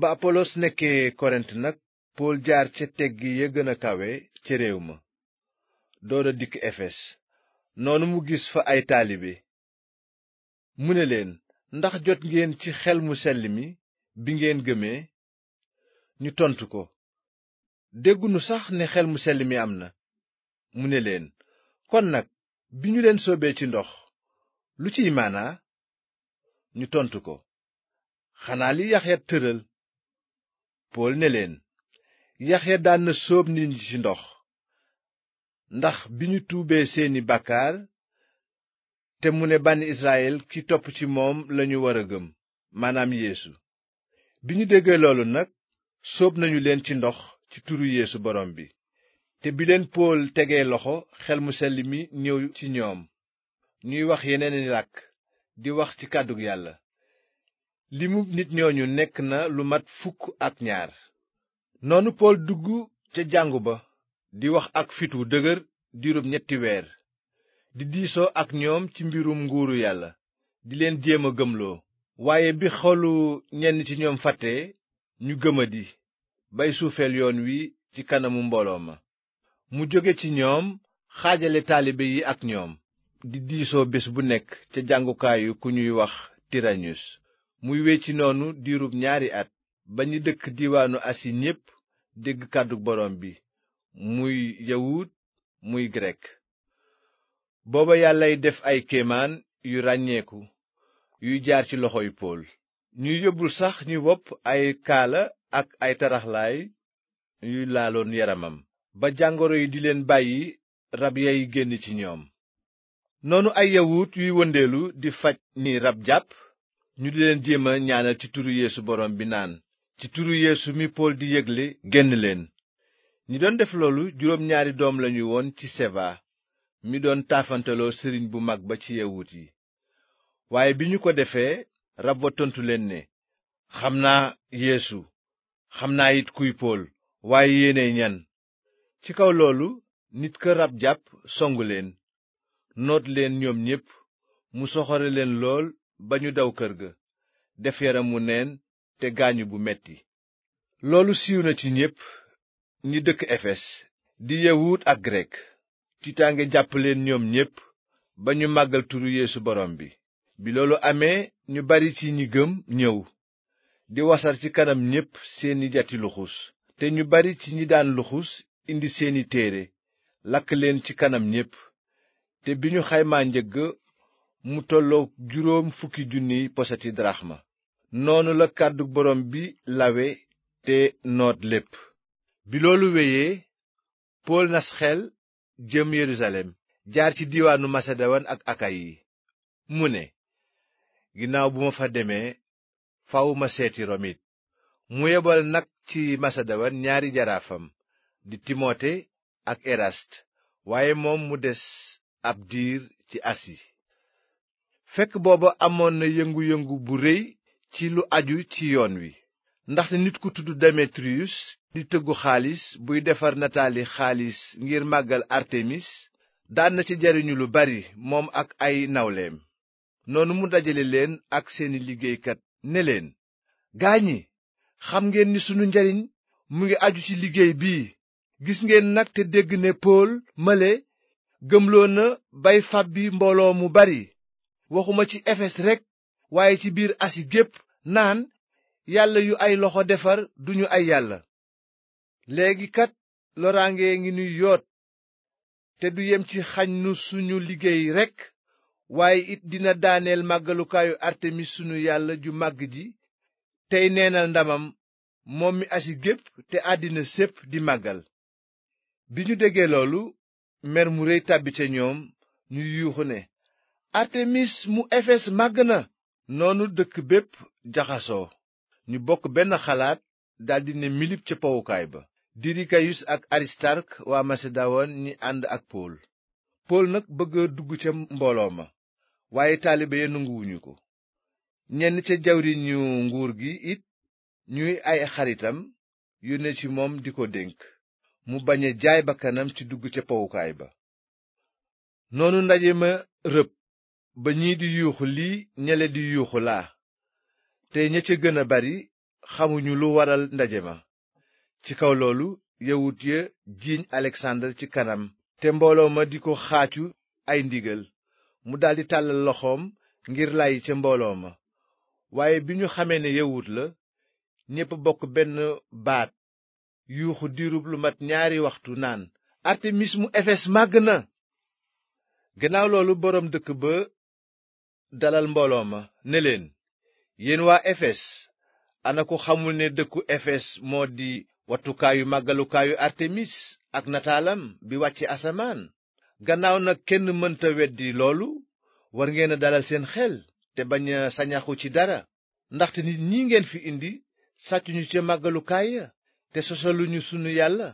ba apolos nekkee korint nag pool jaar ca teggi ya gën a kawe ca réew ma doora dikk efes noonu mu gis fa ay taalibe mu ne leen ndax jot ngeen ci xel mu sell mi bi ngeen gëmee ñu tontu ko déggunu sax ne xel mu selli mi am na mu ne leen kon nag bi ñu leen soobee ci ndox lu ciy maanaa ñu tontu ko xanaa li Yaxya tëral pool ne leen yaxya daan na sóob nit ñi ci ndox ndax bi ñu tuubee seeni bàkkaar te mu ne bànni Israyil ki topp ci moom lañu war a gëm maanaam yeesu bi ñu déggee loolu nag sóob nañu leen ci ndox ci turu yeesu borom bi te bi leen pool tegee loxo xel mu sell mi ñëw ci ñoom ñuy wax yeneeni làkk di wax ci kàddug yàlla limu nit ñooñu nekk na lu mat fukk ak ñaar noonu pool dugg ca jàngu ba di wax ak fit wu dëgër diirub ñetti weer di diisoo ak ñoom ci mbirum nguuru yàlla di leen jéem a gëmloo waaye bi xolu ñenn ci ñoom fàtte ñu gëmadi bay suufeel yoon wi ci kanamu mbooloo ma mu jóge ci ñoom xaajale taalibe yi ak ñoom di diisoo bés bu nekk ca jàngukaayu ku ñuy wax tiranus muy ci noonu diirub ñaari at ba ñi dëkk diwaanu asin yépp dégg kàddu borom bi muy yawut muy grek booba yàllay def ay kéemaan yu ràññeeku yuy jaar ci loxoy pool ñuy yóbbul sax ñuy wopp ay kaala ak ay taraxlaay yuy laaloon yaramam ba jàngoro yi di leen bàyyi rab yay génn ci ñoom noonu ay yawut yuy wëndeelu di faj ni rab jàpp ñu di leen jéema ñaanal ci turu yeesu borom bi naan ci turu yéesu mi pool di yégle génn leen ñi doon def loolu juróom ñaari doom lañu woon ci seva mi doon taafantaloo sëriñ bu mag ba ci yawut yi waaye bi ñu ko defee rab wa tontu leen ne xam naa yéesu xam naa it kuy pool waaye yéene ñan ci kaw loolu nit ka rab jàpp song leen noot leen ñoom ñépp mu soxore leen lool ba ñu daw kër ga def yaram mu neen te gaañu bu metti loolu siiw na ci ñépp ñi dëkk efes di yawut ak grek tiitaange jàpp leen ñoom ñépp ba ñu màggal turu yeesu borom bi bi loolu amee ñu bari ci ñi gëm ñëw di wasar ci kanam ñépp seeni jati luxus te ñu bari ci ñi daan luxus indi seeni téere lakk leen ci kanam ñépp te bi ñu xaymaa njëgg mu tollook juróom fukki junniy posati daraxma noonu la kàddu borom bi lawe te noot lépp bi loolu wéyee pool nas xel jëm yerusalem jaar ci diwaanu maseduwaan ak akayi mu ne ginnaaw bu ma fa demee faw seeti rom mu yebal nag ci maseduwaan ñaari jaraafam di timote ak eraste waaye moom mu des ab diir ci asi fekk booba amoon na yëngu-yëngu bu rëy ci lu aju ci yoon wi ndaxte nit ku tudd demetriyus di tëggu xaalis buy defar nataali xaalis ngir màggal artemis daan ci jariñu lu bari moom ak ay nawleem noonu mu dajale leen ak seeni liggéeykat ne leen gaañi xam ngeen ni sunu njariñ mu ngi aju ci liggéey bii gis ngeen nag te dégg ne pool male gëmloo na bay bi mbooloo mu bari waxuma ci efes rekk waaye ci biir asi gépp naan yàlla yu ay loxo defar duñu ay yàlla léegi kat loraange ngi nuy yoot te du yem ci xañ nu suñu liggéey rekk waaye it dina daaneel màggalukaayu artemis suñu yàlla ju màgg ji tey neenal ndamam moom mi asi gépp te àddina sépp di màggal bi ñu déggee loolu mer mu réy tàbbi ca ñoom ñu yuuxu ne artemis mu efes màgg na noonu dëkk bépp jaxasoo ñu bokk benn xalaat daldi ne milip ca powukaay ba dirikayus ak aristark waa maseduwaan ñi ànd ak pool pool nag bëgg dugg ca mbooloo ma waaye taalibe ya nanguwuñu ko ñenn ca jawriñu nguur gi it ñuy ay xaritam yónne ci moom di ko dénk mu bañ a jaay bakkanam ci dugg ca powukaay ba ba ñii di yuuxu lii ñele di yuuxu laa te ña ca gën a bari xamuñu lu waral ndaje ma ci kaw loolu yawut ya jiiñ aleksandar ci kanam te mbooloo ma di ko xaacu ay ndigal mu daldi tàllal loxoom ngir làyyi ca mbooloo ma waaye bi ñu xamee ne yawut la ñépp bokk benn baat yuuxu diirub lu mat ñaari waxtu naan artemis mu efes màgg na dalal mbooloo ma ne leen yéen waa efes ana ku xamul ne dëkku efes moo di wattukaayu màggalukaayu artemis ak nataalam bi wàcce asamaan gannaaw nag kenn mënta weddi loolu war ngeen dalal seen xel te bañ a sañaxu ci dara ndaxte nit ñi ngeen fi indi sàccuñu ca màggalukaay ya te sosaluñu sunu yàlla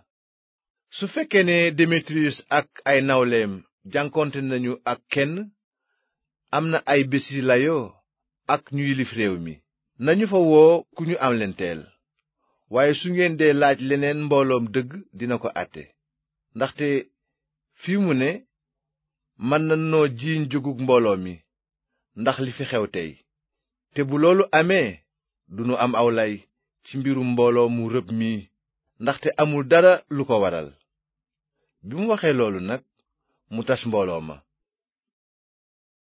su fekkee ne demetrius ak ay nawleem jànkoonte nañu ak kenn am na ay bési layoo ak ñu yilif réew mi nañu fa woo ku ñu am amlenteel waaye su ngeen dee laaj leneen mbooloom dëgg dina ko àtte ndaxte fi mu ne mën na noo jiiñ jógug mbooloo mi ndax li fi xew tey te bu loolu amee dunu am aw lay ci mbiru mbooloo mu rëb mii ndaxte amul dara lu ko waral bi mu waxee loolu nag mu tas mbooloo ma